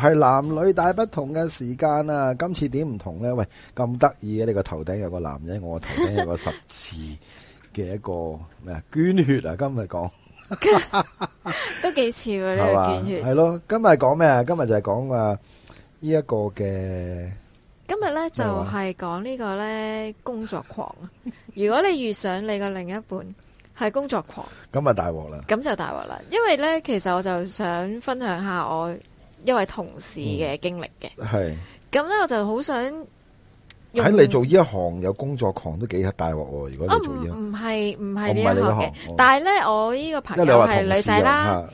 係男女大不同嘅時間啊！今次點唔同咧？喂，咁得意嘅你個頭頂有個男人，我個頭頂有個十字嘅一個咩啊？ 捐血啊！今日講， 都幾似啊。呢 個捐血，係咯？今日講咩啊？今日就係講啊呢一個嘅。今日咧就係、是、講呢個咧工作狂。 如果你遇上你個另一半係工作狂，咁啊大鑊啦！咁就大鑊啦，因為咧其實我就想分享一下我。一位同事嘅經歷嘅，係咁咧，我就好想喺你做呢一行，有工作狂都幾大鑊喎。如果你做呢，唔係唔係呢一行嘅，哦，但係咧，我呢個朋友係女仔啦、啊。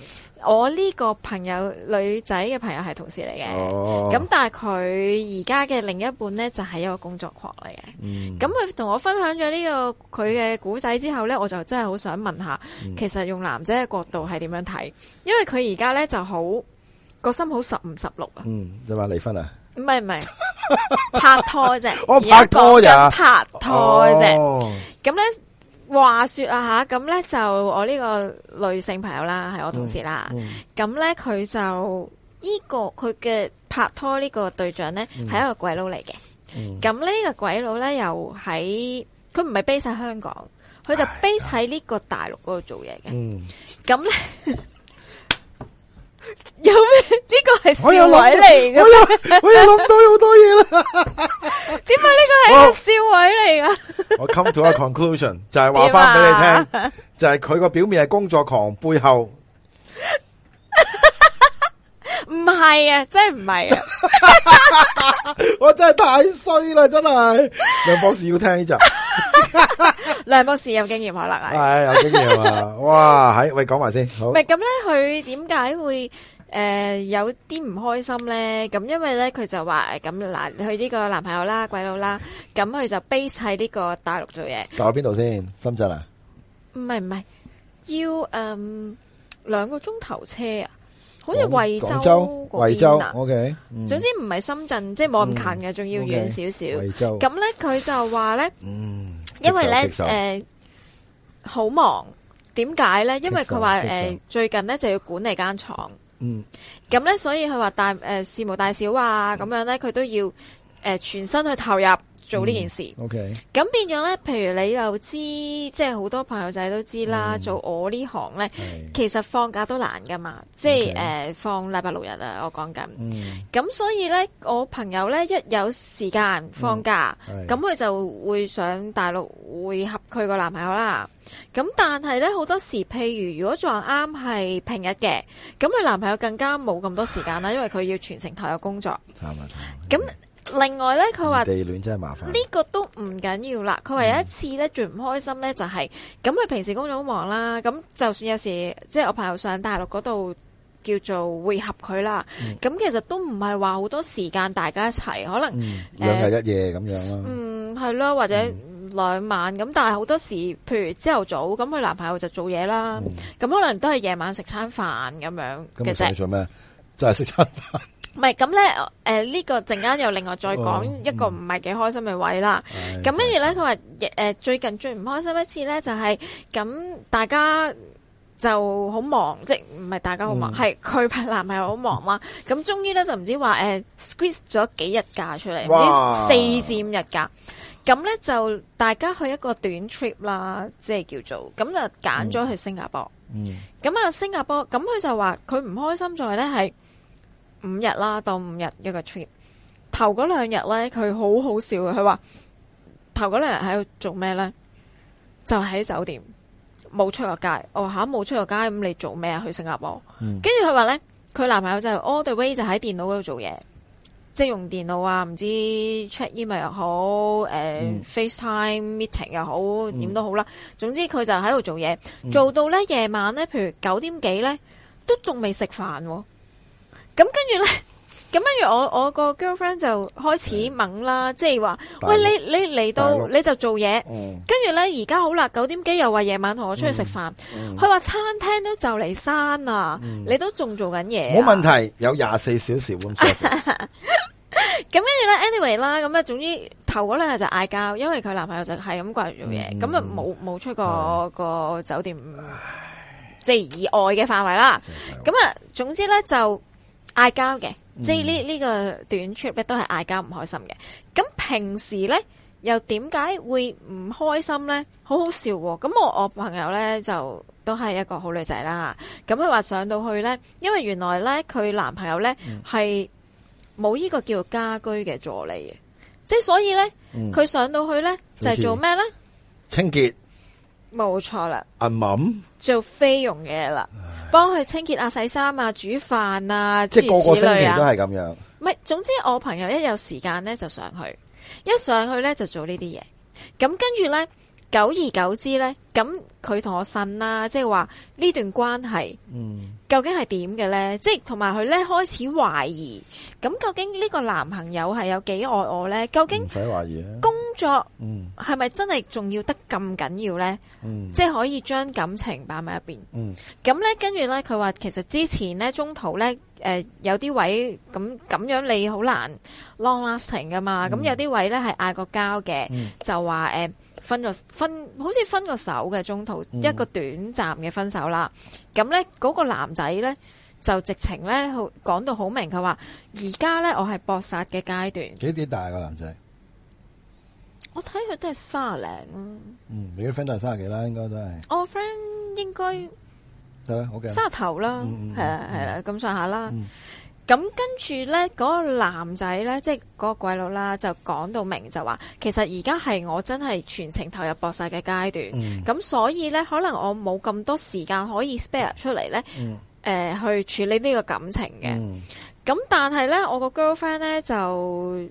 我呢個朋友女仔嘅朋友係同事嚟嘅，咁、哦、但係佢而家嘅另一半咧就係一個工作狂嚟嘅。咁佢同我分享咗呢、這個佢嘅古仔之後咧，我就真係好想問下、嗯，其實用男仔嘅角度係點樣睇？因為佢而家咧就好。個心好十五十六啊！嗯，就係話離婚啊？唔係唔係拍拖啫而， 我拍拖呀，講講拍拖啫。咁、哦、咧，話說啊吓，咁咧就我呢個女性朋友啦，係我同事啦。咁咧佢就呢、這個佢嘅拍拖呢個對象咧，係、嗯、一個鬼佬嚟嘅。咁、嗯、呢、這個鬼佬咧又喺佢唔係 base 喺香港，佢就 base 喺呢個大陸嗰度做嘢嘅。咁、哎、咧。 有咩？呢個係笑位嚟嘅，我又我又諗到好多嘢啦、 啊。點解呢個係一個笑位嚟噶？我 Come to a conclusion，就係話翻俾你聽、啊，就係佢個表面係工作狂，背後唔係 啊，真係唔係啊！ 我真係太衰啦，真係梁博士要聽呢集。梁博士有經驗可能係，有經驗啊！哇，係喂，講埋先，唔係咁咧，佢點解會誒有啲唔開心咧？咁因為咧，佢就話咁嗱，佢呢個男朋友啦，鬼佬啦，咁佢就 base 喺呢個大陸做嘢，搞邊度先？深圳啊？唔係唔係，要誒兩個鐘頭車啊，好似惠州，惠州，OK。總之唔係深圳，即係冇咁近嘅，仲要遠少少。惠州咁咧，佢就話咧，嗯。因為咧，誒，好、呃、忙。點解咧？因為佢話誒，最近咧就要管理間廠。嗯。咁咧，所以佢話大誒、呃，事無大小啊，咁樣咧，佢都要誒、呃，全身去投入。做呢件事，咁、嗯 okay, 變咗咧，譬如你又知，即係好多朋友仔都知啦、嗯。做我呢行咧，其實放假都難噶嘛。即、okay, 係、呃、放禮拜六日啊，我講緊。咁、嗯、所以咧，我朋友咧一有時間放假，咁、嗯、佢、okay, 就會上大陸會合佢個男朋友啦。咁但係咧好多時，譬如如果撞啱係平日嘅，咁佢男朋友更加冇咁多時間啦，因為佢要全程投入工作。慘啊慘。咁。另外咧，佢話：呢、這個都唔緊要啦。佢、嗯、話有一次咧最唔開心咧就係、是，咁佢平時工作好忙啦，咁就算有時即係我朋友上大陸嗰度叫做會合佢啦，咁、嗯、其實都唔係話好多時間大家一齊，可能兩日一夜咁樣咯。嗯，係咯、呃嗯，或者兩晚咁、嗯，但係好多時譬如朝頭早咁，佢男朋友就做嘢啦，咁、嗯、可能都係夜晚食餐飯咁樣嘅啫。咁其實你做咩？真係食餐飯。嗯唔係咁咧，誒呢個陣間又另外再講一個唔係幾開心嘅位啦。咁跟住咧，佢、嗯、話，誒、呃、最近最唔開心一次咧、就是，就係咁大家就好忙，即係唔係大家好忙，係、嗯、佢男朋友好忙嘛。咁終於咧就唔知話，誒，squeeze 咗幾日假出嚟，知四至五日假。咁咧就大家去一個短 trip 啦，即係叫做咁就揀咗去新加坡。咁、嗯、啊新加坡，咁佢就話佢唔開心在咧係。五日啦，到五日一個 trip。頭嗰兩日咧，佢好好笑。佢話頭嗰兩日喺度做咩咧？就喺酒店冇出過街。我吓冇出過街，咁你做咩啊？去新加我跟住佢話咧，佢、嗯、男朋友就 all the way 就喺電腦嗰度做嘢，即係用電腦啊，唔知 check email 又好，誒、呃嗯、FaceTime meeting 又好，點、嗯、都好啦。總之佢就喺度做嘢，做到咧夜晚咧，譬如九點幾咧，都仲未食飯。咁跟住咧，咁跟住我我個 girlfriend 就開始掹啦、嗯，即係話，喂你你嚟到你就做嘢、嗯，跟住咧而家好啦，九點幾又話夜晚同我出去食飯，佢、嗯、話、嗯、餐廳都就嚟閂啦，你都仲做緊嘢、啊，冇問題，有廿四小時喎。咁 跟住咧，anyway 啦，咁呢，anyway, 總之頭嗰兩日就嗌交，因為佢男朋友就係咁掛住做嘢，咁啊冇冇出過、嗯、個酒店，即係、就是、以外嘅範圍啦。咁啊，總之咧就。嗌交嘅，即係呢呢個短 trip 都係嗌交唔開心嘅。咁平時咧又點解會唔開心咧？好好笑喎！啊！咁我我朋友咧就都係一個好女仔啦，咁佢話上到去咧，因為原來咧佢男朋友咧係冇呢、嗯，個叫家居嘅助理嘅，即係所以咧佢、嗯、上到去咧就係、是、做咩咧？清潔冇錯啦，做菲傭嘢啦。幫佢清潔啊、洗衫啊、煮飯啊，即係個個星期都係咁樣。唔係，總之我朋友一有時間咧就上去，一上去咧就做呢啲嘢。咁跟住咧，久而久之咧，咁佢同我呻啦、啊，即係話呢段關係，嗯，究竟係點嘅咧？即係同埋佢咧開始懷疑，咁究竟呢個男朋友係有幾愛我咧？究竟唔使懷疑、啊咗、嗯，係咪真係仲要得咁緊要咧、嗯？即係可以將感情擺埋一邊、嗯。咁咧，跟住咧，佢話其實之前咧，中途咧，誒、呃，有啲位咁咁樣，樣你好難 long lasting 噶嘛。咁、嗯、有啲位咧係嗌過交嘅、嗯，就話誒、呃，分咗分，好似分個手嘅中途、嗯，一個短暫嘅分手啦。咁咧，嗰、那個男仔咧就直情咧，講到好明，佢話而家咧，我係搏殺嘅階段。幾點大個男仔？我睇佢都係卅零嗯，你啲 friend 都係卅幾啦，應該都係。我 friend 應該係啦，好嘅。卅頭啦，係啊，係咁上下啦。咁跟住咧，嗰、嗯嗯嗰個男仔咧，即係嗰個鬼佬啦，就講到明就話，其實而家係我真係全程投入搏世嘅階段。咁、嗯、所以咧，可能我冇咁多時間可以 spare 出嚟咧，誒、嗯呃，去處理呢個感情嘅。咁、嗯、但係咧，我個 girlfriend 咧就。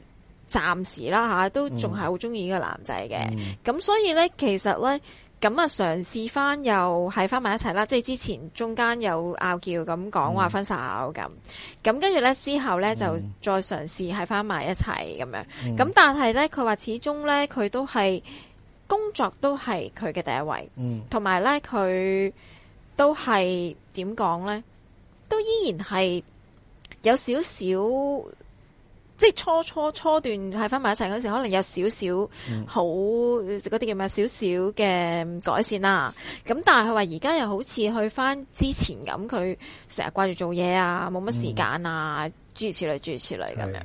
暫時啦、啊、都仲係好中意呢個男仔嘅，咁、嗯、所以呢，其實呢，咁啊嘗試翻又係翻埋一齊啦，即係之前中間有拗撬咁講話分手咁，咁跟住呢，之後呢，就再嘗試係翻埋一齊咁樣，咁、嗯、但係呢，佢話始終呢，佢都係工作都係佢嘅第一位，同、嗯、埋呢，佢都係點講呢？都依然係有少少。即係初初初段係翻埋一齊嗰陣時，可能有少少好嗰啲、嗯、叫咩？少少嘅改善啦。咁但係佢話而家又好似去翻之前咁，佢成日掛住做嘢啊，冇乜時間啊，諸、嗯、如此類諸如此類咁樣。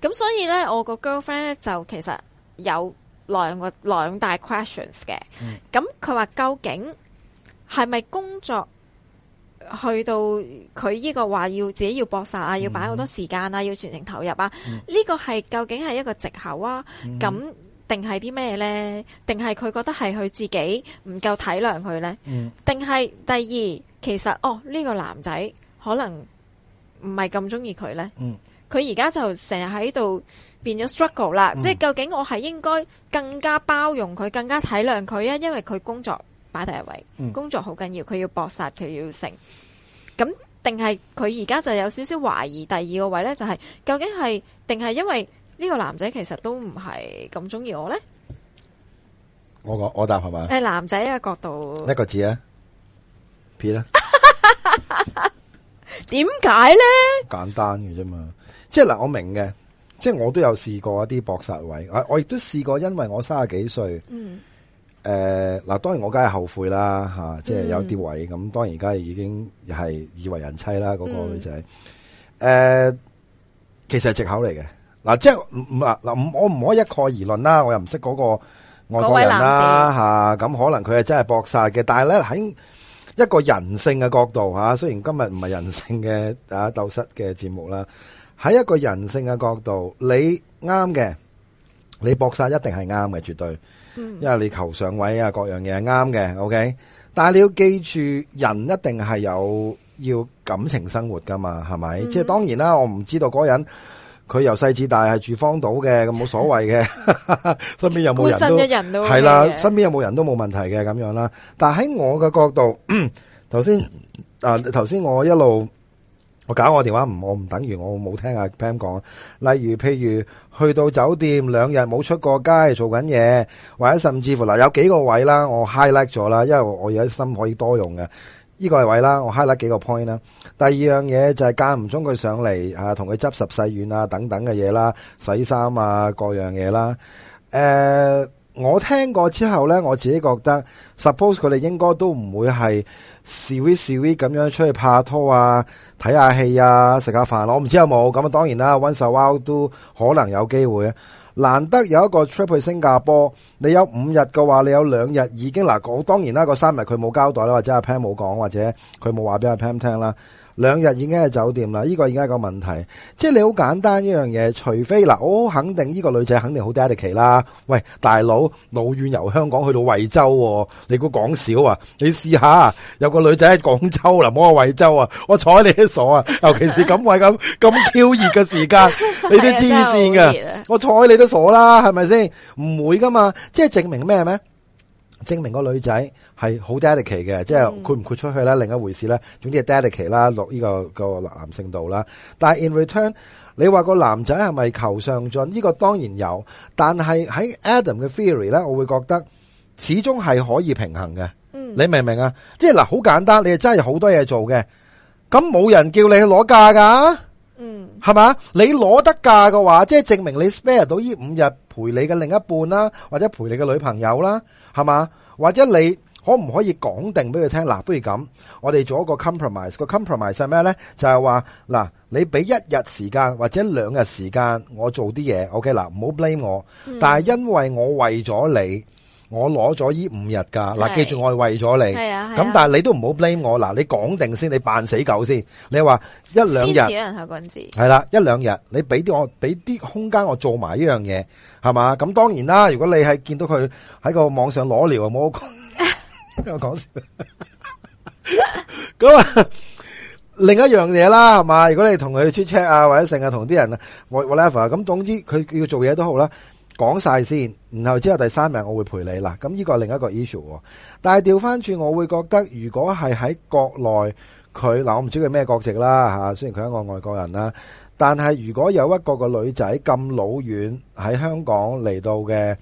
咁所以咧，我個 girlfriend 咧就其實有兩個兩大 questions 嘅。咁佢話究竟係咪工作？去到佢呢個話要自己要搏殺啊、嗯，要擺好多時間啊、嗯，要全程投入啊，呢、嗯這個係究竟係一個借口啊，咁定係啲咩咧？定係佢覺得係佢自己唔夠體諒佢咧？定、嗯、係第二，其實哦呢、這個男仔可能唔係咁中意佢咧。佢而家就成日喺度變咗 struggle 啦、嗯，即係究竟我係應該更加包容佢，更加體諒佢啊？因為佢工作。擺第一位，嗯、工作好緊要，佢要搏殺，佢要成，咁定係佢而家就有少少懷疑。第二個位咧，就係、是、究竟係定係因為呢個男仔其實都唔係咁中意我咧？我講我答係嘛？係，男仔嘅角度，一個字啊，撇啦。點解咧？簡單嘅啫嘛，即係嗱，我明嘅，即係我都有試過一啲搏殺位，我亦都試過，因為我三十幾歲。嗯誒，嗱，當然我梗係後悔啦，吓、啊，即係有啲位咁、嗯，當然而家已經係以為人妻啦，嗰、那個女仔，誒、嗯呃，其實係借口嚟嘅，嗱、啊，即係唔啊，嗱，我唔可以一概而論啦，我又唔識嗰個外國人啦，吓，咁、啊、可能佢係真係搏殺嘅，但係咧喺一個人性嘅角度吓、啊，雖然今日唔係人性嘅啊斗室嘅節目啦，喺一個人性嘅角度，你啱嘅，你搏殺一定係啱嘅，絕對。因為你求上位啊，各樣嘢啱嘅，OK。但係你要記住，人一定係有要感情生活噶嘛，係咪？即、mm-hmm. 係當然啦，我唔知道嗰人佢由細至大係住荒島嘅，咁冇所謂嘅。 身邊有冇人孤身一人都係啦，身邊有冇人都冇問題嘅咁樣啦。但係喺我嘅角度，頭先 啊，頭先我一路。我搞我電話唔，我唔等於我冇聽阿 Pam 講。例如，譬如去到酒店兩日冇出過街，做緊嘢，或者甚至乎嗱，有幾個位啦，我 highlight 咗啦，因為我我有啲心可以多用嘅。呢個係位啦，我 highlight 幾個 point 啦。第二樣嘢就係間唔中佢上嚟啊，同佢執拾細軟啊等等嘅嘢啦，洗衫啊各樣嘢啦，誒。我聽過之後咧，我自己覺得 ，suppose 佢哋應該都唔會係 see we see we 咁樣出去拍拖啊，睇下戲啊，食下飯。我唔知有冇咁啊？當然啦，once a while 都可能有機會。難得有一個 trip 去新加坡，你有五日嘅話，你有兩日已經嗱。我當然啦，個三日佢冇交代啦，或者阿 Pam 冇講，或者佢冇話俾阿 Pam 聽啦。兩日已經係酒店啦，呢、這個已經係個問題。即係你好簡單一樣嘢，除非嗱，我肯定呢個女仔肯定好 dedicate 啦。喂，大佬，老遠由香港去到惠州，你估講笑啊？你試下、啊，有個女仔喺廣州啦、啊，唔好話惠州啊，我睬你都傻啊！尤其是咁鬼咁咁飄熱嘅時間，你都黐線嘅，我睬你都傻啦，係咪先？唔會噶嘛，即係證明咩咩？證明個女仔係好 dedicate 嘅，即係豁唔豁出去咧，另一回事咧。總之係 dedicate 啦，落呢個個男性度啦。但係 in return，你話個男仔係咪求上進？呢個當然有，但係喺 Adam 嘅 theory 咧，我會覺得始終係可以平衡嘅。嗯，你明唔明啊？即係嗱，好簡單，你係真係好多嘢做嘅，咁冇人叫你去攞價噶。嗯，係 嘛？你攞得價嘅話，即係證明你 spare 到呢五日陪你嘅另一半啦，或者陪你嘅女朋友啦，係嘛？或者你可唔可以講定俾佢聽？嗱，不如咁，我哋做一個 compromise。個 compromise 係咩呢？就係話嗱，你俾一日時間或者兩日時間，我做啲嘢。OK 嗱，唔好 blame 我， 但係因為我為咗你。我攞咗依五日噶，嗱，記住我係為咗你，咁、啊啊、但係你都唔好 blame 我，嗱，你講定先，你扮死狗先，你話一兩日，係啦，一兩日，你俾啲我，俾啲空間我做埋呢樣嘢，係嘛，咁當然啦，如果你係見到佢喺個網上攞料，冇講，我講笑，。 咁啊，另一樣嘢啦，係嘛，如果你同佢出 check 啊，或者成日同啲人啊，我 whatever 啊，咁總之佢佢做嘢都好啦。講晒先，然後之後第三日我會陪你啦。咁呢個係另一個 issue。但係調翻轉，我會覺得如果係喺國內，佢嗱，我唔知佢咩國籍啦吓。雖然佢係一個外國人啦，但係如果有一個個女仔咁老遠喺香港嚟到嘅，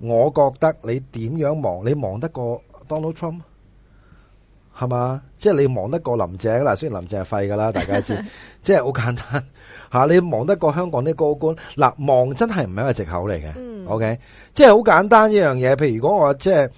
我覺得你點樣忙，你忙得過 Donald Trump 係嘛？即係、就是、你忙得過林鄭啦。雖然林鄭係廢噶啦，大家知，即係好簡單。 吓、啊、你望得過香港啲高官嗱？望、啊、真係唔係一個借口嚟嘅，嗯。OK，即係好簡單一樣嘢。譬如如果我即係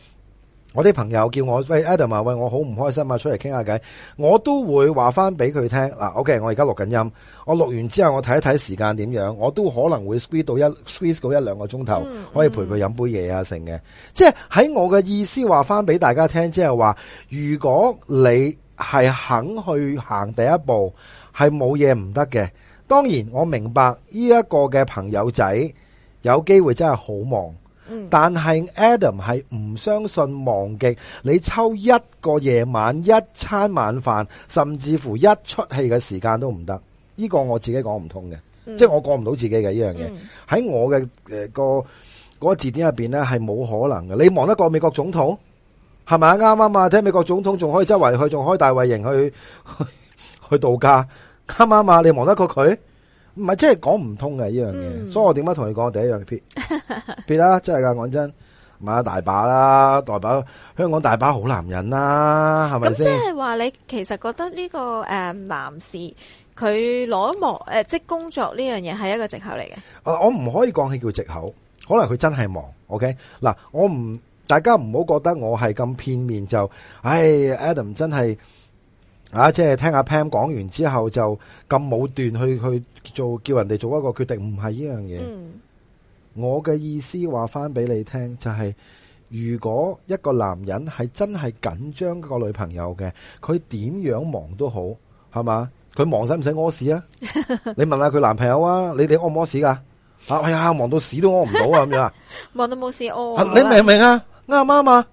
我啲朋友叫我喂 Adam 喂我好唔開心啊，出嚟傾下偈，我都會話翻俾佢聽嗱。OK，我而家錄緊音，我錄完之後我睇一睇時間點樣，我都可能會 squeeze 到一 squeeze，嗯、個鐘 e e 到一兩個鐘頭，可以陪佢飲杯嘢啊，成嘅，嗯。即係喺我嘅意思話翻俾大家聽，即係話，如果你係肯去行第一步，係冇嘢唔得嘅。當然，我明白呢一、這個嘅朋友仔有機會真係好忙，嗯、但係 Adam 係唔相信忘記你抽一個夜晚一餐晚飯，甚至乎一出戲嘅時間都唔得。呢、這個我自己講唔通嘅、嗯，即係我過唔到自己嘅呢樣嘢。喺、嗯、我嘅誒、呃那個、那個字典入邊呢，係冇可能嘅。你忙得過美國總統係咪？啱啱啊嘛，聽美國總統仲可以周圍去，仲可以大衛營去去,去,去度假。啱啊嘛，你忙得過佢？唔係，即係講唔通嘅呢樣嘢。所以我點解同你講？第一樣別，別啦，真係噶講真，咪大把啦，大把香港大把好男人啦，係咪先？咁即係話你其實覺得呢個誒男士佢攞忙誒即係工作呢樣嘢係一個借口嚟嘅。我唔可以講起叫借口，可能佢真係忙。OK，嗱，我唔大家唔好覺得我係咁片面就，唉，Adam 真係。啊！即係聽阿 Pam 講完之後就咁武斷去去做叫人哋做一個決定，唔係呢樣嘢。我嘅意思話翻俾你聽就係、是，如果一個男人係真係緊張個女朋友嘅，佢點樣忙都好，係嘛？佢忙使唔使屙屎啊？ 你問下佢男朋友啊，你哋屙唔屙屎㗎？啊，哎呀，忙到屎都屙唔到啊，咁樣啊？ 忙到冇屎屙。你明唔明啊？啱啱呀。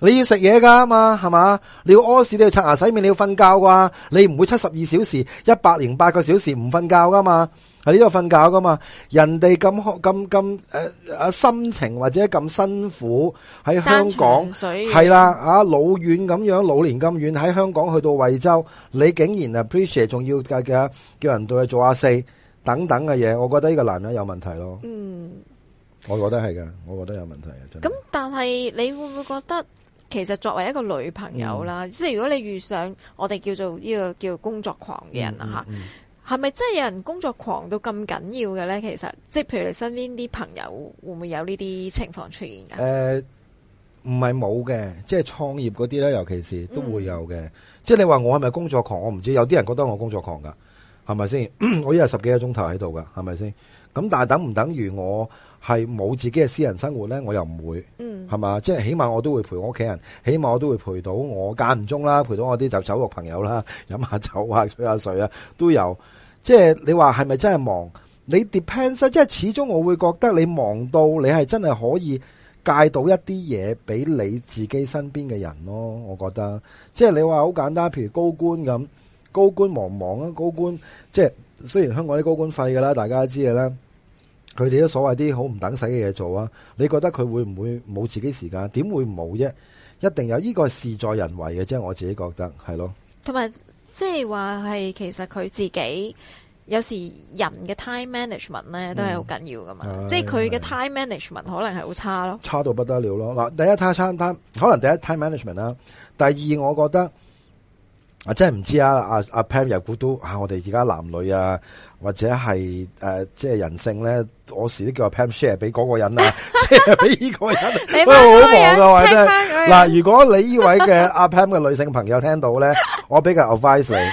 你要食嘢噶嘛，係嘛？你要屙屎，你要刷牙、洗面，你要瞓覺啩？你唔會七十二小時、一百零八個小時唔瞓覺噶嘛？喺呢度瞓覺噶嘛？人哋咁咁咁誒啊，辛、呃、或者咁辛苦喺香港，係啦啊，老遠咁樣，老年咁遠喺香港去到惠州，你竟然 appreciate，仲要嘅嘅叫人對佢做阿四等等嘅嘢，我覺得呢個男人有問題咯。嗯，我覺得係噶，我覺得有問題。咁但係你會唔會覺得？其實作為一個女朋友啦，即、嗯、係如果你遇上我哋叫做呢個叫工作狂嘅人啊，吓係咪真係有人工作狂到咁緊要嘅咧？其實即係譬如你身邊啲朋友會唔會有呢啲情況出現噶？誒、呃，唔係冇嘅，即係創業嗰啲咧，尤其是都會有嘅、嗯。即係你話我係咪工作狂？我唔知，有啲人覺得我工作狂噶，係咪先？我一日十幾個鐘頭喺度噶，係咪先？咁但係等唔等於我？係冇自己嘅私人生活咧？我又唔會，係、嗯、嘛？即係起碼我都會陪我屋企人，起碼我都會陪到我間唔中啦，陪到我啲就酒肉朋友啦，飲下酒啊，吹下水啊，都有。即係你話係咪真係忙？你 depends，即係始終我會覺得你忙到你係真係可以戒到一啲嘢俾你自己身邊嘅人咯。我覺得，即係你話好簡單，譬如高官咁，高官忙唔忙啊？高官即係雖然香港啲高官廢噶啦，大家都知嘅啦。佢哋都所謂啲好唔等使嘅嘢做啊！你覺得佢會唔會冇自己時間？點會冇啫？一定有，呢個事在人為嘅，即係我自己覺得係咯。同埋即係話係其實佢自己有時人嘅 time management 咧都係好緊要噶嘛。即係佢嘅 time management 可能係好差咯，差到不得了咯。嗱，第一可能第一 time management 啦。第二，我覺得不啊，真係唔知啊，阿阿 Pam 又估都嚇、啊、我哋而家男女啊。或者係誒、呃，即係人性咧，我時都叫阿 Pam share 俾嗰個人啊 ，share 俾呢個人，好忙，噶係咪？嗱，如果你呢位嘅阿 Pam 嘅女性朋友聽到咧，我比較 advise 你，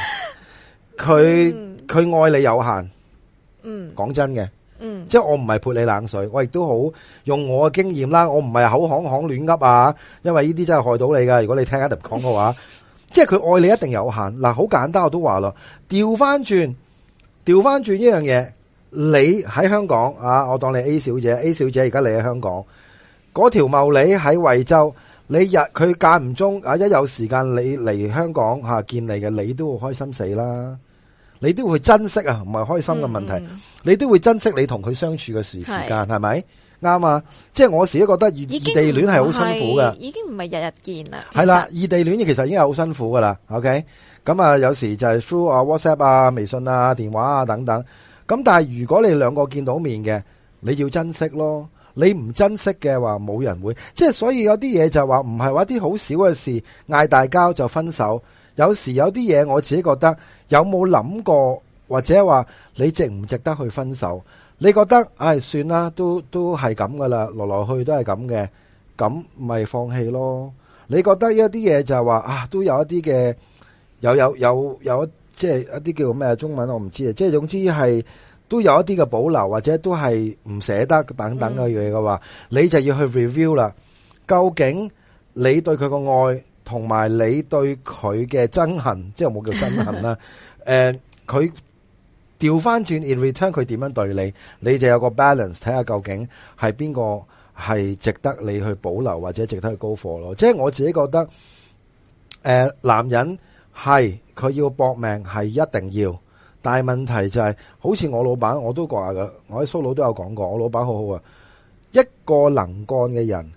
佢 佢愛你有限， 嗯，講真嘅，嗯，即係我唔係潑你冷水，嗯、我亦都好用我嘅經驗啦，我唔係口行行亂噏啊，因為呢啲真係害到你噶。如果你聽一唔講嘅話， 即係佢愛你一定有限。嗱、啊，好簡單，我都話咯，調翻轉。調翻轉呢樣嘢，你喺香港啊，我當你 A 小姐，A 小姐而家嚟喺香港，嗰條茂利喺惠州，你日佢間唔中啊，一有時間你嚟香港吓、啊、見你嘅，你都會開心死啦，你都會珍惜啊，唔係開心嘅問題，嗯、你都會珍惜你同佢相處嘅時時間，係咪？啱啊！即係我自己覺得異地戀係好辛苦噶，已經唔係日日見啦。係啦，異地戀其實已經係好辛苦噶啦。OK，咁啊，有時就係 through 啊 WhatsApp 啊、微信啊、電話啊等等。咁但係如果你兩個見到面嘅，你要珍惜咯。你唔珍惜嘅話，冇人會。即係所以有啲嘢就係話唔係話一啲好少嘅事嗌大交就分手。有時有啲嘢我自己覺得有冇諗過，或者話你值唔值得去分手？你覺得，唉，算啦，都都係咁噶啦，來來去都係咁嘅，咁咪放棄咯。你覺得一啲嘢就係話啊，都有一啲嘅，有有有有，即係一啲叫做咩中文我唔知啊，即係總之係都有一啲嘅保留或者都係唔捨得等等嘅嘢嘅話，你就要去 review 啦。究竟你對佢嘅愛同埋你對佢嘅憎恨，即係冇叫憎恨啦。誒，佢。調翻轉，in return 佢點樣對你，你就有個 balance，睇下究竟係邊個係值得你去保留或者值得去高貨咯。即係我自己覺得，誒、呃，男人係佢要搏命係一定要，但係問題就係、是，好似我老闆我都話噶，我喺蘇魯都有講過，我老闆好好啊，一個能幹嘅人，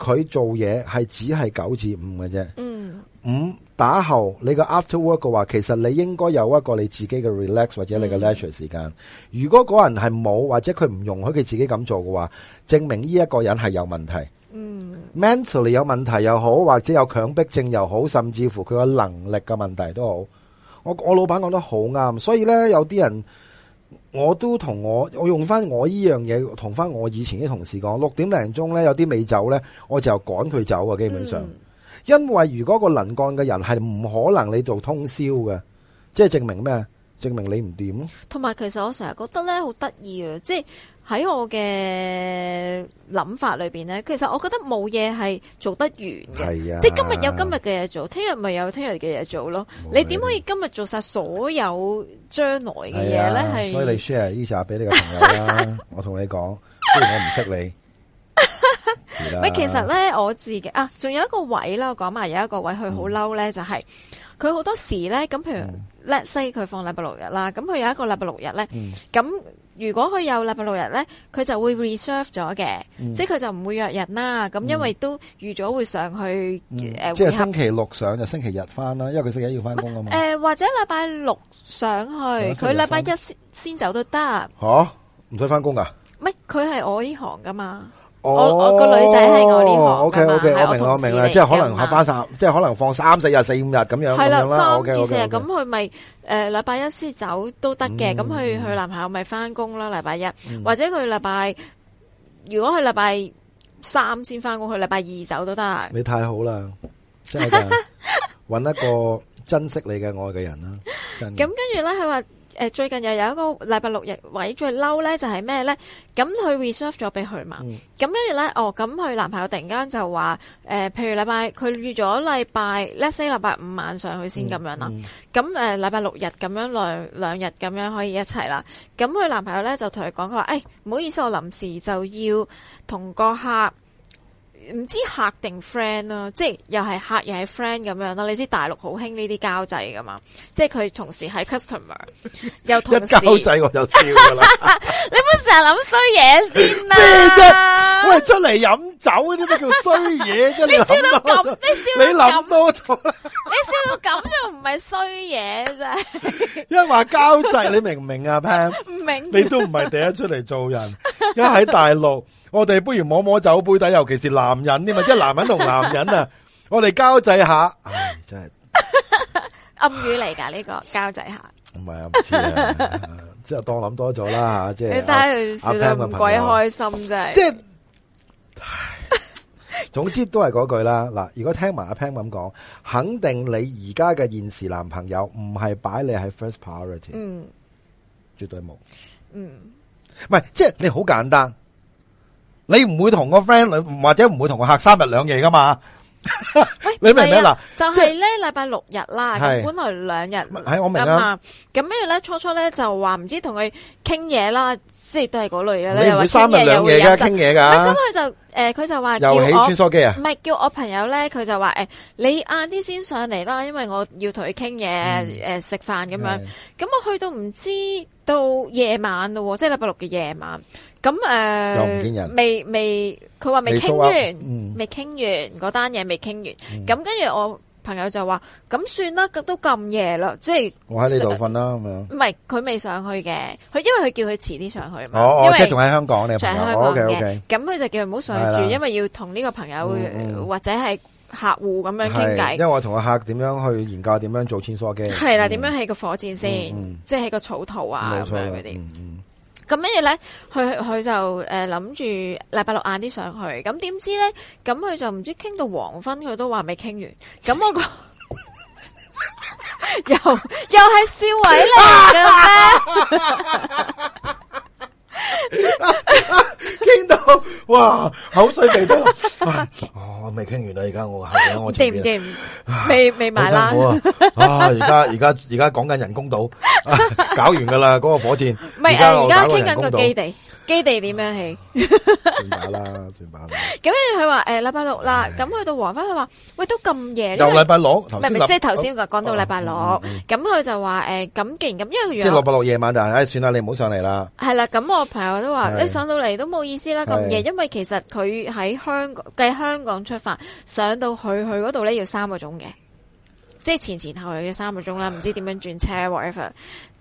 佢做嘢係只係九至五嘅啫，mm. 嗯，五。打後你個 afterwork 嘅話，其實你應該有一個你自己嘅 relax 或者你嘅 lecture、嗯、時間。如果嗰個人係冇或者佢唔容許佢自己咁做嘅話，證明呢一個人係有問題。嗯，mentally 有問題又好，或者有強迫症又好，甚至乎佢個能力嘅問題都好。我我老闆講得好啱，所以呢，有啲人我都同我我用翻我呢樣嘢同翻我以前啲同事講，六點零鐘呢，有啲未走呢，我就趕佢走啊，基本上。嗯因為如果個能幹嘅人係唔可能你做通宵嘅，即係證明咩？證明你唔掂咯。同埋其實我成日覺得咧好得意啊，即係喺我嘅諗法裏邊咧，其實我覺得冇嘢係做得完嘅、哎，即係今日有今日嘅嘢做，聽日咪有聽日嘅嘢做咯。麼你點可以今日做晒所有將來嘅嘢咧？係、哎、所以你 share 呢集俾你嘅朋友啦， 我同你講，雖然我唔識你。唔，其實咧我自己啊，仲有一個位啦，我講埋有一個位，佢好嬲咧，就係佢好多時咧，咁譬如 Let's say，佢、嗯、放禮拜六日啦，咁佢有一個禮拜六日咧，咁、嗯、如果佢有禮拜六日咧，佢就會 reserve 咗嘅、嗯，即係佢就唔會約人啦。咁因為都預咗會上去、嗯呃、會即係星期六上就星期日翻啦，因為佢星期一要翻工啊嘛。誒、呃，或者禮拜六上去，佢禮拜一先先走都得。吓、啊，唔使翻工噶？咩？係，佢係我呢行噶嘛。我我個女仔係牛年黃噶嘛，我明我明啦。即係可能下翻三，即係可能放三四日四五日咁樣咁樣啦。O K，咁咁佢咪誒禮拜一先走都得嘅。咁佢佢男朋友咪翻工啦。禮拜一或者佢禮拜如果佢禮拜三先翻過去，佢禮拜二走都得。你太好啦，即係搵一個珍惜你嘅愛嘅人啦。咁跟住咧，佢話。誒最近又有一個禮拜六日位最嬲咧，就係咩咧？咁佢 reserve 咗俾佢嘛？咁跟住咧，哦，咁佢男朋友突然間就話、呃、譬如禮拜佢預咗禮拜 let's say 禮拜五晚上佢先咁樣啦。咁誒禮拜六日咁樣兩,兩日咁樣可以一齊啦。咁佢男朋友咧就同佢講佢話誒，唔好意思，我臨時就要同個客。唔知客定 friend 囉，即係又係客又係 friend 咁樣咯、啊。你知大陸好興呢啲交際噶嘛？即係佢同時係 customer 又同時一交際，我就笑啦。 你唔好成日諗衰嘢先啦、啊。咩、啊、喂，出嚟飲酒嗰啲都叫衰嘢？ 你笑到咁，你笑到咁多 你笑到咁就唔係衰嘢啫。 因為話交際，你明唔明啊？Pam，唔明你都唔係第一出嚟做人，一 喺大陸。我哋不如摸摸酒杯底，尤其是男人添嘛，即係男人同男人啊， 我哋交際下，唉，真係暗語嚟㗎呢個交際下，唔係啊，唔知啊，即係當諗多咗啦，即係你睇佢笑得咁鬼開心係、就係，即係， 總之都係嗰句啦嗱，如果聽埋阿 Pan 咁講，肯定你而家嘅現時男朋友唔係擺你喺 First Priority，嗯，絕對冇，嗯，唔係，即係你好簡單。你唔會同個 friend，唔或者唔會同佢客三日兩夜噶嘛？ 喂，你明唔明嗱？就係咧，禮拜六日啦，本來兩日。係。我明啊嘛，咁跟住咧，初初咧就話唔知同佢傾嘢啦，即係都係嗰類嘅咧，或者嘢又會傾嘢噶。咁佢就誒，佢、啊、就話、嗯呃、叫我、又起穿梭機呀？唔係、啊、叫我朋友咧，佢就話誒、呃，你晏啲先上嚟啦，因為我要同佢傾嘢，誒食飯咁樣。咁我去到唔知到夜晚咯，即係禮拜六嘅夜晚。咁誒，未、呃、未，佢話未傾完，未傾完嗰單嘢，未傾完。咁跟住我朋友就話，咁算啦，都咁夜啦，即係我喺呢度瞓啦咁樣。唔係，佢未上去嘅，佢因為佢叫佢遲啲上去。哦哦，因為即係仲喺香港你朋友，我嘅，咁、哦、佢、okay, okay、就叫佢唔好上去住，因為要同呢個朋友、嗯嗯、或者係客戶咁樣傾偈。因為我同個客點樣去研究，點樣做穿梭機，係啦，點、嗯、樣起個火箭先、嗯嗯，即係起個草圖啊咁樣嗰啲。嗯嗯咁跟住咧，佢佢就誒諗住禮拜六晏啲上去。咁點知咧？咁佢就唔知傾到黃昏，佢都話未傾完。咁我個又又係笑位嚟嘅咩？傾到哇口水鼻都，我我未傾完啦。而家我行緊，我前面。停唔停？未未埋啦。好啊！啊，而家而家而家講緊人工島。搞完噶啦，嗰個火箭。唔係誒，而家傾緊個基地，基地點樣起？算罷啦，算罷啦。咁樣佢話誒，禮拜六啦，咁去到黃昏佢話，喂，都咁夜。有禮拜六，唔係唔係，即係頭先講到禮拜六，咁佢就話誒，咁既然咁，因為原來即係禮拜六夜晚就，唉，算啦，你唔好上嚟啦。係啦，咁我朋友都話，一上到嚟都冇意思啦，咁夜，因為其實佢喺香港計香港出發，上到去去嗰度咧要三個鐘嘅。即係前前後後要三個鐘啦，唔知點樣轉車 whatever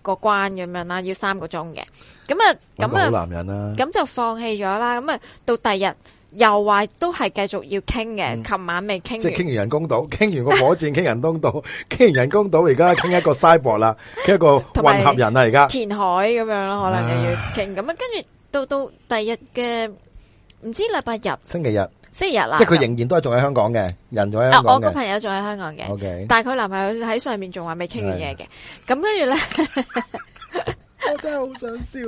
過關咁樣啦，要三個鐘嘅。咁啊，咁啊，男人啦，咁就放棄咗啦。咁啊，到第日又話都係繼續要傾嘅。琴晚未傾。即係傾完人工島，傾完個火箭，傾人工島，傾完人工島，而家傾一個西博啦，傾一個混合人啦，而家。填海咁樣咯，可能又要傾咁啊。跟住到到第日嘅，唔知禮拜日。星期日。即係日啦，即係佢仍然都係仲喺香港嘅，人仲喺香港，啊。我個朋友仲喺香港嘅，okay，但係佢男朋友喺上面仲話未傾完嘢嘅。咁跟住咧，呢 我真係好想笑，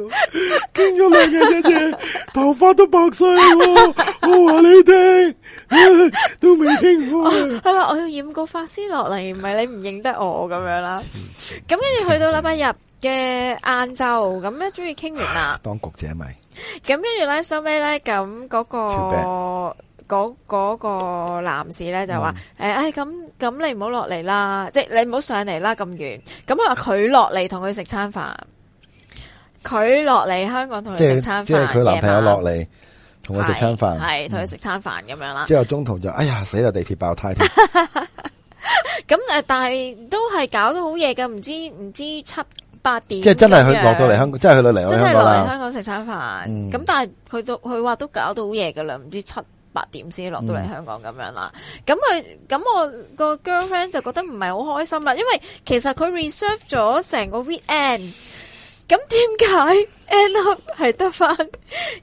傾咗兩日嘢，頭髮都白晒 訴， 我話你哋都未傾完。係我要染個髮絲落嚟，唔係你唔認得我咁樣啦。咁跟住去到禮拜日嘅晏晝，咁咧終於傾完啦。 當局者迷。咁跟住咧，收尾咧，咁嗰，那個。嗰個、那個男士咧就話，誒、嗯，哎，咁咁你唔好落嚟啦，即、就、係、是、你唔好上嚟啦，咁遠。咁啊，佢落嚟同佢食餐飯，佢落嚟香港同佢食餐飯。即係佢男朋友落嚟同佢食餐飯，係同佢食餐飯咁樣啦。之、嗯、後中途就，哎呀，死啦！地鐵爆胎。咁 誒，但係都係搞到好夜㗎，唔知唔知七八點。即係真係去落到嚟香港，真係去到嚟。真係落嚟香港食餐飯。咁、嗯、但係佢都佢話都搞到好夜噶啦，唔知七。八點先落到嚟香港咁樣啦，咁佢咁我個 girlfriend 就覺得唔係好開心啦，因為其實佢 reserve 咗成個 weekend，咁點解 end up 係得翻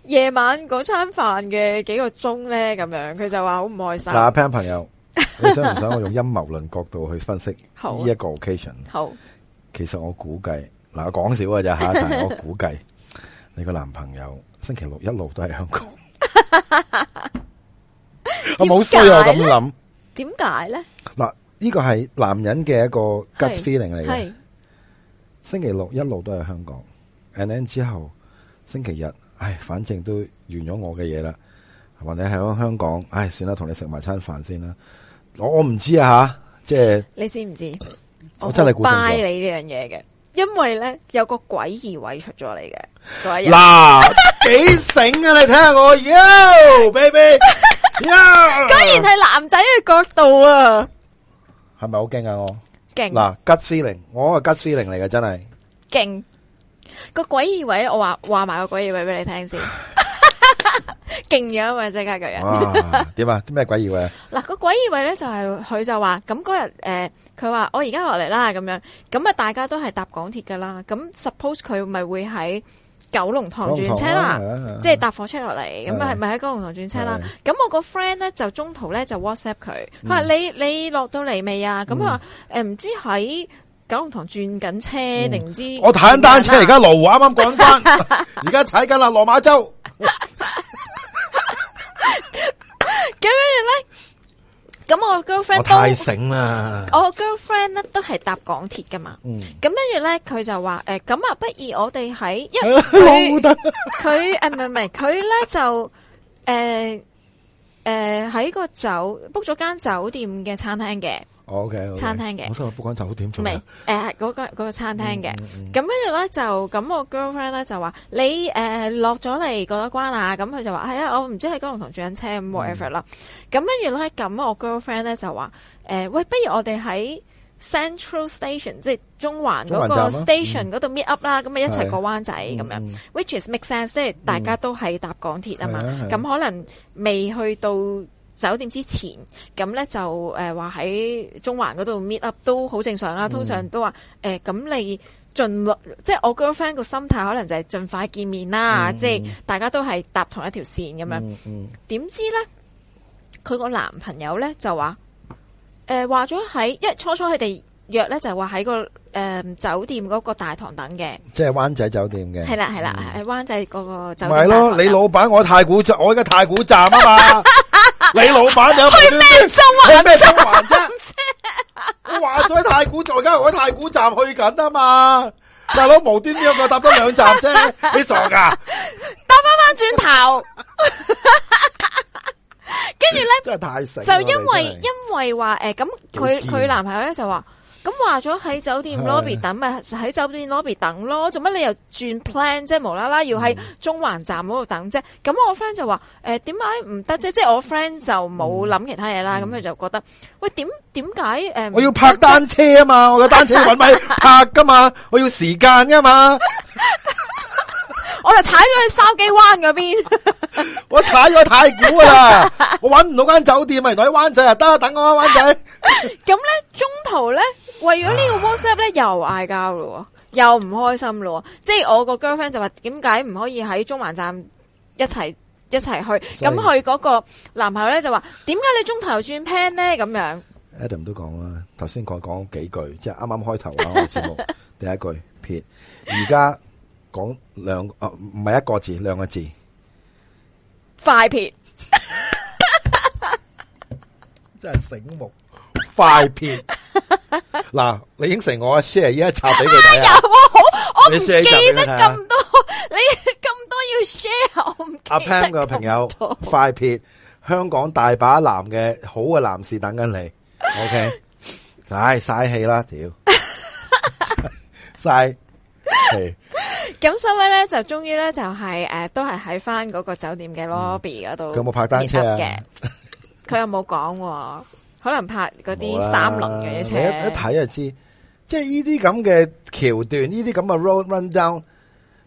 夜晚嗰餐飯嘅幾個鐘咧？咁樣佢就話好唔開心。嗱，pen 朋友，你想唔想我用陰謀論角度去分析呢一個 occasion？好，其實我估計嗱，我講少嘅啫吓，但係我估計你個男朋友星期六一路都喺香港。我冇需要咁諗，點解咧？嗱，呢個係男人嘅一個 gut feeling 嚟嘅。星期六一路都喺香港，and then 之後星期日，唉，反正都完咗我嘅嘢啦。或者你喺香港，唉，算啦，同你食埋餐飯先啦。我我唔知啊，吓，即係你知唔知、呃？我真係怪你呢樣嘢嘅，因為咧有個詭異位出咗嚟嘅嗱，幾醒啊！ 你睇下我 Yo baby 果然係男仔嘅角度啊，係咪好勁啊我？勁嗱，good feeling，我係 good feeling 嚟嘅真係，勁個詭異位，我話話埋個詭異位俾你聽先，勁咗啊嘛，真係一個人。點啊？啲咩詭異位？嗱，個詭異位咧，就係佢就話咁嗰日誒，佢話我而家落嚟啦咁樣，咁啊大家都係搭港鐵噶啦，咁 suppose 佢咪會喺。九龍塘轉車啦，即係搭火車落嚟，咁咪係咪喺九龍塘轉車啦？咁我個 friend 咧就中途咧就 WhatsApp 佢，佢話你你落到嚟未啊？咁啊，誒唔知喺九龍塘轉緊車定唔知？我踩緊單車羅剛剛，而家羅湖啱啱過咗，而家踩緊啦落馬洲，咁 樣樣咧。咁我個 girlfriend 我都係太醒啦！我個 girlfriend 咧都係搭港鐵㗎嘛，咁跟住咧佢就話誒，咁、呃、 他 啊，不如我哋喺一，佢誒，唔係唔係，佢咧就誒誒喺個酒 book 咗間酒店嘅餐廳嘅。OK，餐廳嘅，我想講波管站好點做啊？未，誒，嗰個嗰個餐廳嘅，咁跟住咧就咁，我 girlfriend 咧就話你誒落咗嚟過咗關啊，咁佢就話係啊，我唔知喺九龍塘轉緊車咁 whatever 啦。咁跟住咧咁，我 girlfriend 咧就話誒，喂，不如我哋喺 Central Station，即係中環嗰個 station 嗰度 meet up 啦，咁啊一齊過灣仔咁樣，which is make sense，即係大家都係搭港鐵啊嘛，咁可能未去到。酒店之前咁咧就誒話喺中環嗰度 meet up 都好正常啦。嗯，通常都話誒咁你盡即係我 girlfriend 個心態可能就係盡快見面啦。嗯，即係大家都係搭同一條線咁樣。點，嗯嗯、知咧佢個男朋友咧就話誒話咗喺一初初佢哋約咧就話喺、那個誒、呃、酒店嗰個大堂等嘅，即係灣仔酒店嘅。係啦係啦，喺灣、嗯、仔嗰個酒店。係咯。你老闆我太古我而家太古站啊嘛。你老闆有去咩？中環啫？我話咗喺太古，而家我喺太古站去緊啊嘛，大佬無端端我搭多兩站啫，你傻噶？搭返返轉頭，跟住咧，adulthood 後呢 真係太細。就因為因為話誒，咁佢佢男朋友咧就話。咁話咗喺酒店 lobby 等咪，喺酒店 lobby 等咯。做乜你又轉 plan 啫？無啦啦要喺中環站嗰度等啫。咁、嗯、我 friend 就話誒，點解唔得啫？即係我 friend 就冇諗其他嘢啦。咁、嗯、佢就覺得喂，點點解誒？我要泊單車啊嘛，呃、我嘅單車搵位泊噶嘛， 我要時間噶嘛。 我就踩咗去筲箕灣嗰邊。我踩咗太古啦，我搵唔到間酒店，咪喺灣仔啊，得等我啊，灣仔。咁 咧，中途咧。為咗呢個 WhatsApp 咧，啊、又嗌交咯，又唔開心咯。即係我個 girlfriend 就話：點解唔可以喺中環站一齊一齊去？咁去嗰個男朋友咧就話：點解你中途又轉 plan 呢？」咁樣 Adam 都講啦，頭先講講幾句，即係啱啱開頭講嘅節目。 第一句撇，而家講兩誒唔係一個字，兩個字 醒 快撇，真係醒目快撇。嗱、啊，你應承我 share 一集俾佢睇。啊有，好，我唔記得咁多， 你咁多要 share，我唔。阿、啊、Pam 嘅朋友，快撇！香港大把男嘅，好嘅男士等緊你。 OK，唉、哎，嘥氣啦，屌， 晒、嗯、氣。咁收尾咧就終於咧就係誒，都係喺翻嗰個酒店嘅 lobby 嗰度。佢冇派單車啊。佢又冇講。可能拍嗰啲三輪嘅嘢車，一睇就知。即係呢啲咁嘅橋段，呢啲咁嘅 road rundown，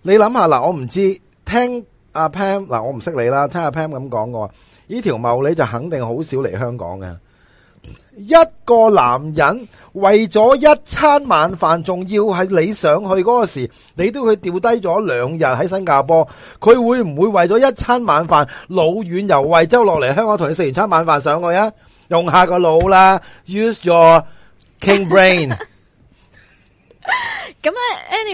你諗下嗱，我唔知道。聽阿 Pam 嗱，我唔識你啦，聽阿 Pam 咁講嘅話，呢條茂利就肯定好少嚟香港嘅。一個男人為咗一餐晚飯，仲要喺你上去嗰個時候，你都去掉低咗兩日喺新加坡。佢會唔會為咗一餐晚飯，老遠由惠州落嚟香港同你食完餐晚飯上去啊？用下個腦啦，use your king brain。咁咧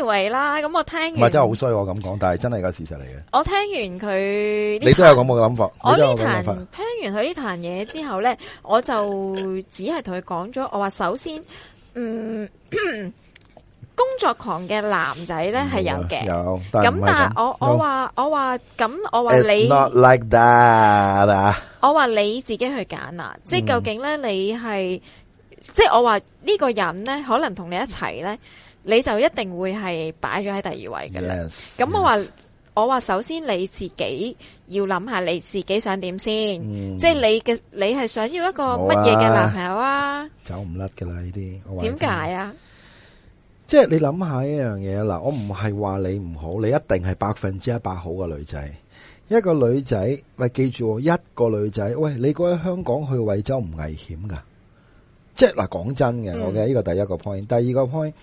，anyway 啦，咁我聽完，唔係真係好衰，我咁講，但係真係個事實嚟嘅。我聽完佢，你都有咁嘅諗法。我呢壇聽完佢呢壇嘢之後咧，我就只係同佢講咗，我話首先，嗯。工作狂嘅男仔咧係有嘅，有。咁但係我我話、no. 我話，咁我話你，like、我話你自己去揀啦、嗯，即係究竟咧你係，即係我話呢個人咧可能同你一齊咧、嗯，你就一定會係擺咗喺第二位嘅。咁、yes, 我話、yes. 我話首先你自己要諗下你自己想點先、嗯，即係你嘅你係想要一個乜嘢嘅男朋友啊？走唔甩㗎啦呢啲，點解啊？即係你諗下一樣嘢啦，我唔係話你唔好，你一定係百分之一百好嘅女仔。一個女仔，喂，記住喎，一個女仔，喂，你過去香港去惠州唔危險㗎。即係嗱，講真嘅、嗯、，OK，呢個第一個 point，第二個 point，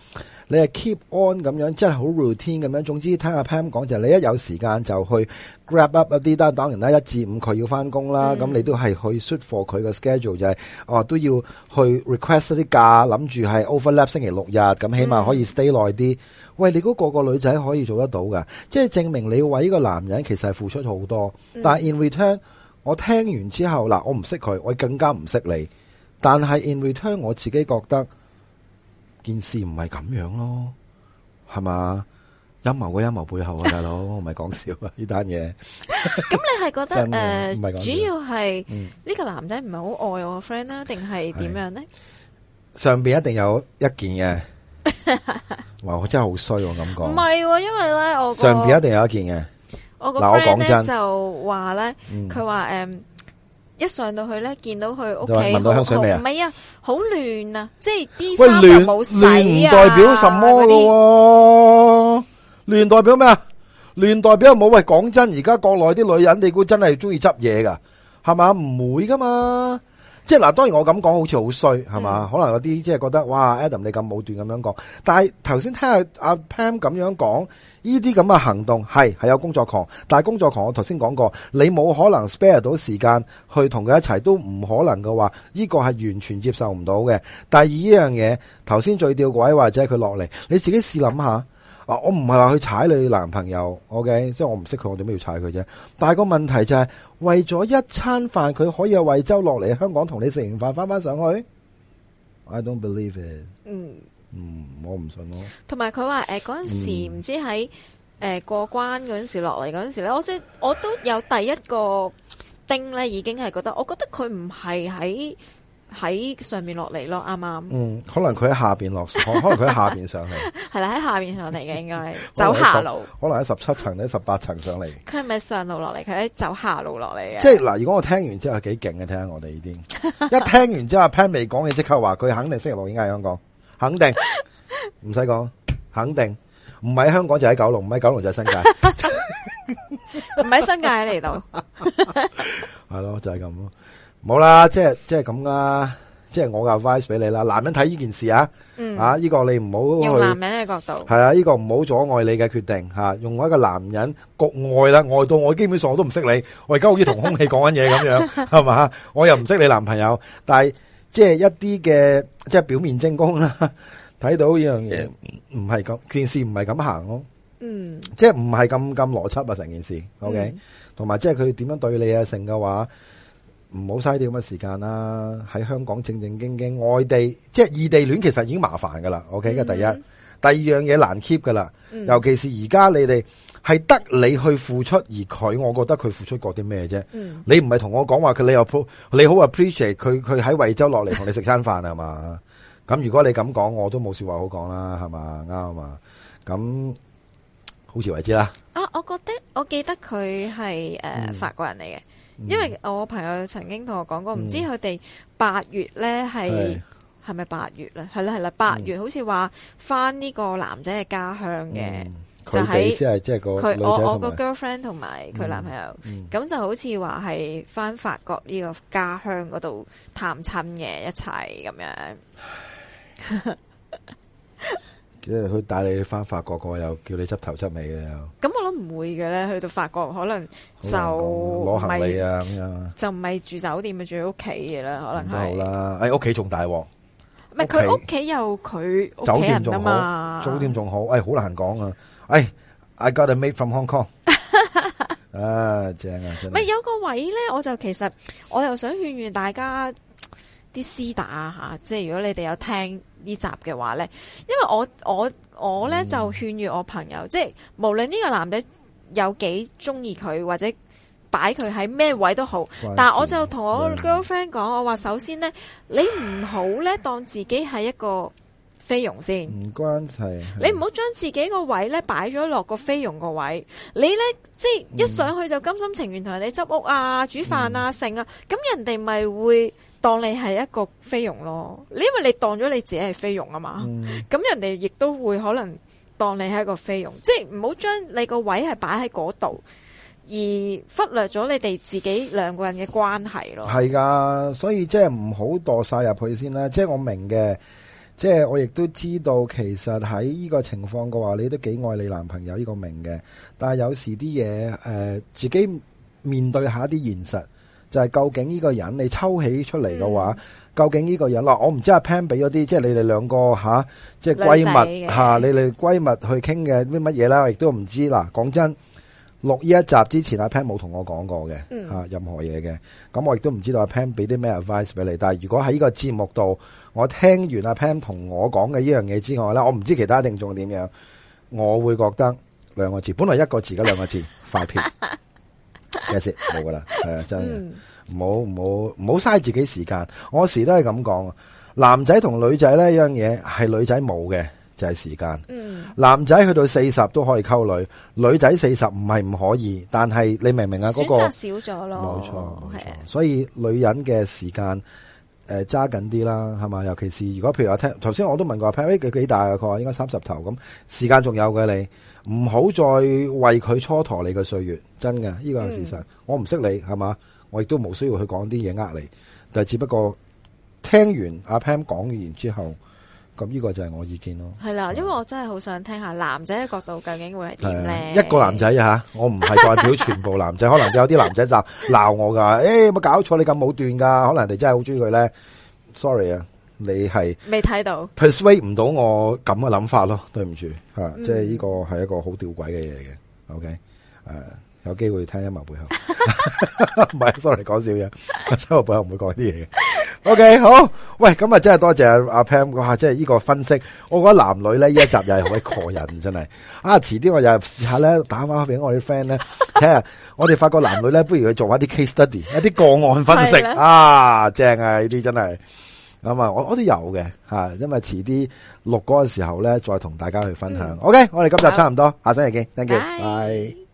你係 keep on 咁樣，即係好 routine 咁樣。總之，聽阿 Pam 講就係，你一有時間就去 grab up 一啲、單檔。當然啦，一至五佢要翻工啦，咁你都係去 suit for 佢個 schedule，就係、是、哦、啊、都要去 request 啲假，諗住係 overlap 星期六日，咁起碼可以 stay 耐、嗯、啲。喂，你嗰個個女仔可以做得到噶，即係證明你為呢個男人其實係付出咗好多。但係 in return，我聽完之後嗱，我唔識佢，我更加唔識你。但係 in return，我自己覺得件事唔係咁樣咯，係嘛？陰謀嘅陰謀背後啊，大佬我唔係講笑啊，呢單嘢。咁你係覺得誒、 呃，主要係呢個男仔唔係好愛我個 friend 啦，定係點樣咧？上邊一定有一件嘅。哇，我真係好衰，我咁講。唔 係、啊，因為咧，我上邊一定有一件嘅。我個 friend 就話咧，佢話誒。一上到去咧，見到佢屋企，聞到香水味啊？唔係啊，好亂啊，即係啲衫又冇洗啊，亂代表什麼喎？亂代表咩啊？亂代表冇喂。講真，而家國內啲女人，你估真係中意執嘢噶？係嘛？唔會噶嘛？即係嗱，當然我咁講好似好衰，係嘛？嗯、可能有啲即係覺得哇，Adam 你咁武斷咁樣講。但係頭先聽阿阿 Pam 咁樣講，呢啲咁嘅行動係係有工作狂，但係工作狂我頭先講過，你冇可能 spare 到時間去同佢一齊，都唔可能嘅話，呢個係完全接受唔到嘅。第二呢樣嘢，頭先最吊鬼或者佢落嚟，你自己試諗下。啊、我唔係話去踩你男朋友，OK，即係我唔識佢，我點解要踩佢啫？但係個問題就係、是、為咗一餐飯，佢可以喺惠州落嚟香港同你食完飯返返上去，I don't believe it 嗯。嗯嗯，我唔信咯。同埋佢話誒嗰陣時唔知喺誒、呃、過關嗰陣時落嚟嗰陣時咧、嗯，我即我都有第一個丁咧，已經係覺得，我覺得佢唔係喺。喺上面落嚟咯，啱啱嗯，可能佢喺下邊落，可能佢喺下邊上嚟，係 啦，喺下邊上嚟嘅，應該 走下路可在，可能喺十七層，喺十八層上嚟。佢係咪上路落嚟？佢喺走下路落嚟嘅。即係嗱，如果我聽完之後幾勁嘅，聽下我哋呢啲，一聽完之後 Pan 未講嘢，即刻話佢肯定星期六，應該喺香港，肯定唔使講，肯定唔喺香港在龍不是在龍就喺九龍，唔喺九龍就喺新界，唔 喺 新界嚟度。係咯， 就係咁咯。冇啦，即係即係咁啦，即係我嘅 advice 俾你啦。男人睇呢件事啊，嗯、啊呢、呢個你唔好用男人嘅角度，係啊呢、呢個唔好阻礙你嘅決定吓、啊。用我一個男人局外啦，外到我基本上我都唔識你，我而家好似同空氣講緊嘢咁樣，係 咪？我又唔識你男朋友，但係即係一啲嘅即係表面精工啦，睇到呢樣嘢唔係咁件事，唔係咁行咯、啊。嗯，即係唔係咁咁邏輯啊，成件事。OK，同、嗯、埋即係佢點樣對你啊，成嘅話。唔好嘥啲咁嘅時間啦，喺香港正正經經，外地即係異地戀，其實已經麻煩噶啦。OK，咁第一，mm-hmm. 第二樣嘢難 keep 噶啦，尤其是而家你哋係得你去付出，而佢，我覺得佢付出過啲咩啫？你唔係同我講話佢，你又你好 appreciate 佢佢喺惠州落嚟同你食餐飯係嘛？咁 如果你咁講，我都冇說話好講啦，係嘛，啱嘛？咁好自為之啦。啊，我覺得我記得佢係誒法國人嚟嘅。因為我朋友曾經同我講過，唔、嗯、知佢哋八月咧係係咪八月咧？係啦係啦，八月好似話返呢個男仔嘅家鄉嘅、嗯，就喺佢、即係、我我個 girlfriend 同埋佢男朋友，咁、嗯、就好似話係返法國呢個家鄉嗰度探親嘅一齊咁樣。 即係佢帶你返翻法國個又叫你執頭執尾嘅，咁我諗唔會嘅咧。去到法國可能就攞行李啊，咁樣就唔係住酒店啊，住喺屋企嘅啦。可能係啦，哎屋企仲大喎，唔係佢屋企又佢屋企人㗎嘛，酒店仲好，酒店仲好。哎好難講啊，哎 I got a maid from Hong Kong 啊。啊正啊，唔係有個位咧，我就其實我又想勸勸大家。啲私打吓，即係如果你哋有聽呢集嘅話咧，因為我我我咧就勸喻我朋友，嗯、即係無論呢個男仔有幾中意佢或者擺佢喺咩位都好，但係我就同我個 girlfriend 講，嗯，我話首先咧，你唔好咧當自己係一個菲傭先，唔關事，你唔好將自己個位咧擺咗落個菲傭個位，你咧即係一上去就甘心情願同人哋執屋啊、煮飯啊、剩、嗯、啊，咁人哋咪會。當你係一個菲傭咯，因為你當咗你自己係菲傭啊嘛，咁、嗯、人哋亦都會可能當你係一個菲傭，即係唔好將你個位係擺喺嗰度，而忽略咗你哋自己兩個人嘅關係咯。係噶，所以即係唔好墮晒入去先啦。即係我明嘅，即係我亦都知道，其實喺呢個情況嘅話，你都幾愛你男朋友呢、這個明嘅，但係有時啲嘢，誒、呃，自己面對下一啲現實。就係、是、究竟呢個人你抽起出嚟嘅話，嗯、究竟呢個人嗱，我唔知阿 Pan 俾咗啲，即係你哋兩個吓、啊，即係閨蜜吓，你哋閨蜜去傾嘅啲乜嘢啦，亦都唔知啦。講真，錄呢一集之前，阿 Pan 冇同我講過嘅吓、啊，任何嘢嘅，咁我亦都唔知道阿 Pan 俾啲咩 advice 俾你。但係如果喺呢個節目度，我聽完阿 Pan 同我講嘅呢樣嘢之外咧，我唔知其他聽眾點樣，我會覺得兩個字，本來一個字嘅兩個字，快撇。 嘅事冇噶啦，係真唔好唔好嘥自己時間，我時都係咁講啊。男仔同女仔呢一樣嘢係女仔冇嘅就係、是、時間。嗯，男仔去到四十都可以溝女，女仔四十唔係唔可以，但係你明唔明啊？嗰個選擇少咗咯，冇錯，冇錯，所以女人嘅時間。誒、呃，揸緊啲啦，係嘛？尤其是如果譬如我聽頭先，剛才我都問過阿 Pam 佢、哎、幾大？佢話應該三十頭咁，時間仲有嘅你，唔好再為佢蹉跎你嘅歲月，真嘅，呢、呢個係事實。嗯、我唔識你，係嘛？我亦都冇需要去講啲嘢呃你，但係只不過聽完阿 Pam 講完之後。咁呢個就係我意見咯，係啦，因為我真係好想聽下男仔嘅角度究竟會係點咧。一個男仔啊，我唔係代表全部男仔，可能有啲男仔就鬧我噶，誒，有冇搞錯？你咁武斷噶？可能人哋真係好中意佢咧。Sorry 啊，你係未睇到，persuade 唔到我咁嘅諗法咯。對唔住，吓，即係呢個係一個好吊詭嘅嘢嘅。OK，誒，有機會聽一埋背後，唔係，sorry，講笑嘅，真係我背後唔會講呢啲嘢嘅。O、okay, K，好喂，咁啊，真係多謝阿 Pam，下即係呢個分析，我覺得男女咧呢一集又係好鬼過癮， 真係啊！遲啲我又試下咧打返俾我啲 friend 咧睇下， 我哋發覺男女咧不如去做一啲 case study，一啲個案分析 啊，正啊！呢啲真係咁啊，我我都有嘅吓、啊，因為遲啲錄嗰個時候咧再同大家去分享。嗯、o、okay, K，我哋今集差唔多，下星期見，thank you，拜。Bye